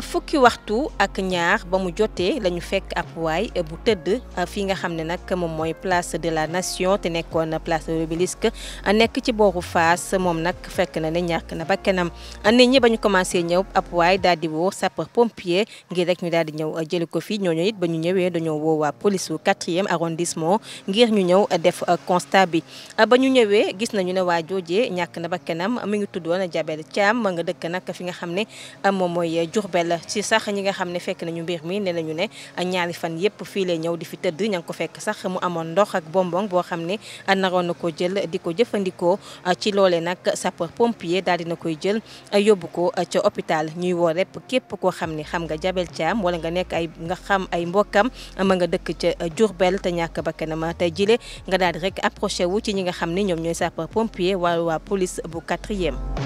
fukki waxtu ak ñaar ba mu jotee la ñu fekk ab bu tëdd euh, fi nga xam ne nag moom mooy place de la nation te nekkoon place de l'obélisque nekk ci booru Fass moom nag fekk na ne ñàkk na bakkanam nit ñi ba ñu commencé ñëw ab waay daal di woo sapeur pompier ngir rek ñu daal di ñëw euh, jëli ko fi ñooñu it ba ñu ñëwee dañoo woo waa police su quatrième arrondissement ngir ñu ñëw def euh, constat bi ba ñu ñëwee gis nañu ne waa jooje ñàkk na kenam mi ngi tuddoon Jabel Thiam ma nga dëkk nag fi nga xam ne moom mooy Diourbel la ci sax ñi nga xam ne fekk nañu mbir mi ne nañu ne ñaari fan yëpp fii lay ñëw di fi tëdd ña ngi ko fekk sax mu amoon ndox ak bonbon boo xam ne naroon na ko jël di ko jëfandikoo ci loole nag sapeur pompier daal na koy jël yóbbu ko ca hôpital ñuy woo rek képp koo xam ne xam nga Jabel Thiam wala nga nekk ay nga xam ay mbokkam ma nga dëkk ca Diourbel te ñàkk bakkanam tey jile nga daal di rek approché wu ci ñi nga xam ne ñoom ñooy sapeur pompier wala waa police bu quatrième